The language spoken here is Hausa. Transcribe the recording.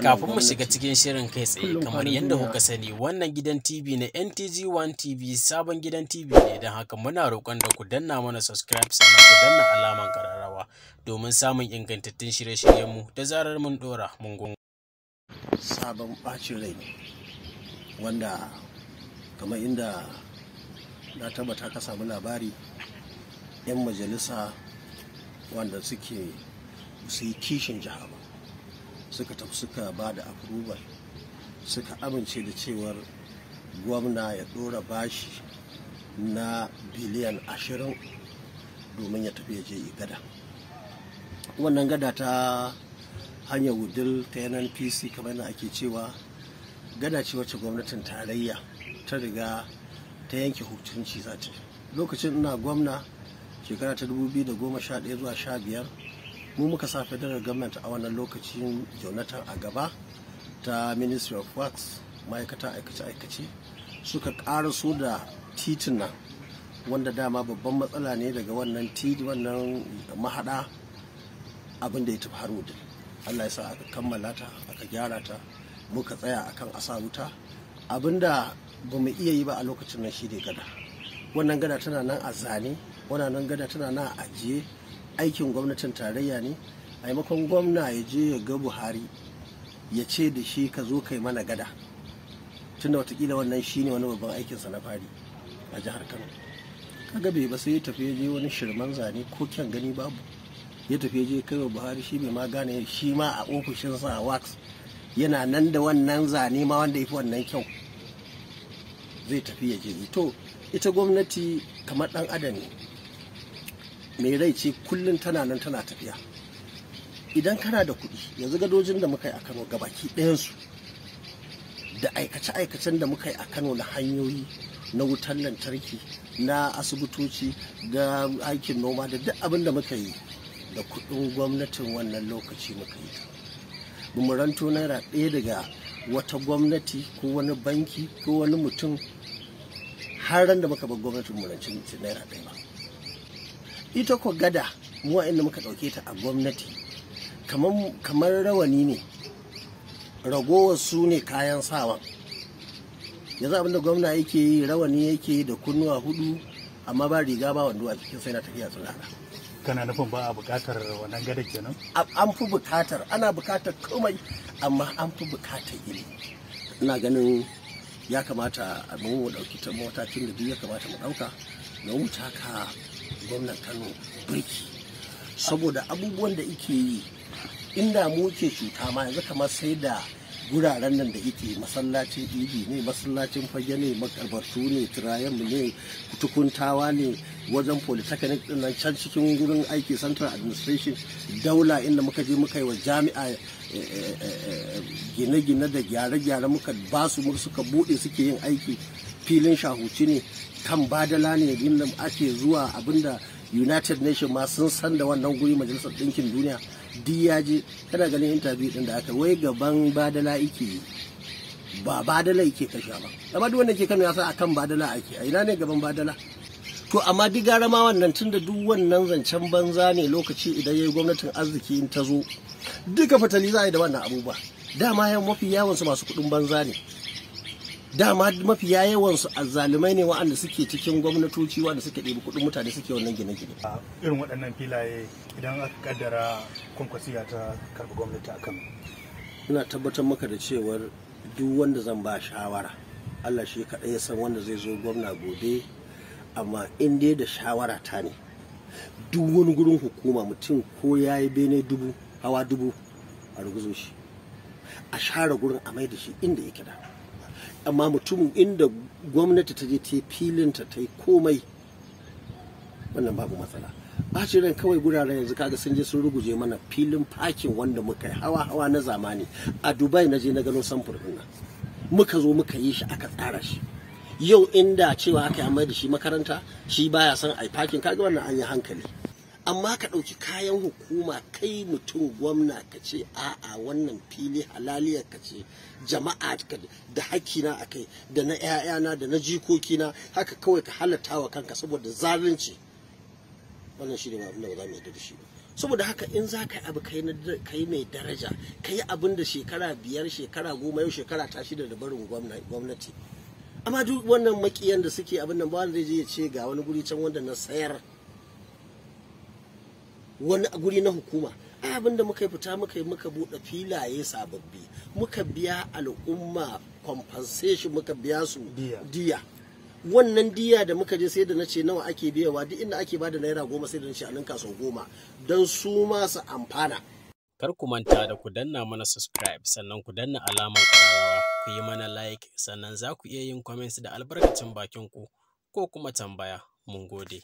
Kafin mu shiga cikin shirin kai tsaye kamar yadda kuka sani wannan gidan TV na NTG One TV sabon gidan TV ne don haka muna roƙon da ku danna mana subscribe sannan ku danna alaman kararrawa domin samun ingantattun shirye-shiryenmu da zarar mun ɗora mun gungu. Sabon ɓacin rai wanda kamar inda na tabbata ka samu labari 'yan majalisa wanda suke su yi kishin jiha ba suka tafi suka ba da approval suka amince da cewar gwamna ya dora bashi na biliyan ashirin domin ya tafi ya je gada wannan gada ta hanyar wudil ta nnpc kamar da ake cewa gada ce wacce gwamnatin tarayya ta riga ta yanke hukunci za ta lokacin ina gwamna shekara ta 2011 zuwa 15 mu muka sa federal government a wannan lokacin jonathan a gaba ta ministry of works ma'aikata aikace-aikace suka ƙara su da titin nan wanda dama babban matsala ne daga wannan titi wannan mahaɗa abin da ya tafi harudin allah ya sa aka kammala ta aka gyara ta muka tsaya akan asa wuta abinda ba mu iya yi ba a lokacin nan shi ne gada wannan gada tana nan a zane wannan gada tana nan a ajiye aikin gwamnatin tarayya ne a maimakon gwamna ya je ya ga buhari ya ce da shi ka zo kai mana gada tunda watakila wannan shi ne wani babban aikinsa na fari a jihar kano kaga bai ba sai ya tafi ya je wani shirman zane ko kyan gani babu ya tafi ya je kai wa buhari shi bai ma gane shi ma a ofishinsa a wax yana nan da wannan zane ma wanda ya fi wannan kyau zai tafi ya je to ita gwamnati kamar dan adam ne mai rai ce kullum tana nan tana tafiya idan kana da kuɗi yanzu gadojin da muka yi a kano gabaki ɗayansu da aikace-aikacen da muka yi a kano na hanyoyi na wutar lantarki na asibitoci da aikin noma da duk abin da muka yi da kuɗin gwamnatin wannan lokaci muka yi ta bumaranto naira ɗaya daga wata gwamnati ko wani banki ko wani mutum har da muka bar gwamnatin murancin naira ɗaya ba ita ko gada mu inda muka ɗauke ta a gwamnati kamar rawani ne ragowar su ne kayan sawan yanzu abinda gwamna yake yi rawani yake yi da kunnuwa hudu amma ba riga ba wando a cikin sai na tafiya tsirara kana nufin ba a bukatar wannan gada kenan an fi bukatar ana bukatar komai amma an fi bukatar iri ina ganin ya kamata a mu dauki ta matakin da biyu ya kamata mu dauka don wuce haka gwamnan kano birki saboda abubuwan da ike yi inda mu ke cuta ma yanzu kamar sai da guraren nan da ike masallacin idi ne masallacin fage ne makarbatu ne tirayen ne tukuntawa ne wajen polytechnic din nan can cikin gurin aiki central administration daula inda muka je muka yi wa jami'a eh, eh, eh, gine-gine da gyare-gyare muka basu muka suka bude suke yin aiki filin shahuci ne kan badala ne inda ake zuwa abinda united nation ma sun san da wannan guri majalisar ɗinkin duniya duk ya je kana ganin interview din da aka wai gaban badala ike ba badala ike kasha ba amma duk wanda ke kano ya san akan badala ake a ina ne gaban badala to amma duk gara ma wannan da duk wannan zancen banza ne lokaci idan yayi gwamnatin arziki in ta zo duka fatali za a yi da wannan abubuwa dama yan mafi yawansu masu kuɗin banza ne dama mafiya yawan su azzalumai ne waɗanda suke cikin gwamnatoci waɗanda suke ɗebi kuɗin mutane suke wannan gine-gine. irin waɗannan filaye idan aka kaddara kwankwasiya ta karɓi gwamnati a kan. ina tabbatar maka da cewar duk wanda zan ba shawara Allah shi kaɗai ya san wanda zai zo gwamna gobe amma in dai da shawara ta ne duk wani gurin hukuma mutum ko ya yi bene dubu hawa dubu a ruguzo shi a share gurin a mai da shi inda yake da. amma mutumin inda gwamnati ta je ta filinta ta yi komai wannan babu matsala ce ran kawai guraren yanzu kaga sun je sun ruguje mana filin fakin wanda muka yi hawa hawa na zamani a dubai na je na gano samfur din nan muka zo muka yi shi aka tsara shi yau inda cewa aka yi da shi makaranta shi baya son ai fakin kaga wannan an yi hankali amma ka ɗauki kayan hukuma kai mutum gwamna ka ce a'a wannan fili halaliyar ka ce jama'a da hakina a kai da na 'ya'yana da na jikokina haka kawai ka halatta wa kanka saboda zalunci wannan shi ne abin da ba za mu yi shi saboda haka in za ka yi abu yi mai daraja ka yi abin da shekara biyar shekara goma yau shekara ta shida da barin gwamnati amma duk wannan makiyan da suke abin nan ba wanda zai je ya ce ga wani guri can wanda na sayar wani guri na hukuma abinda muka fita muka yi muka buɗe filaye sababbi muka biya al'umma compensation muka biya su diya wannan diya da muka je sai da na ce nawa ake biyawa duk inda ake bada naira goma sai da na ce a kaso goma don su ma su amfana kar ku manta da ku danna mana subscribe sannan ku danna alamar ku yi mana like sannan za ku iya yin comments da albarkacin bakin ku ko kuma tambaya mun gode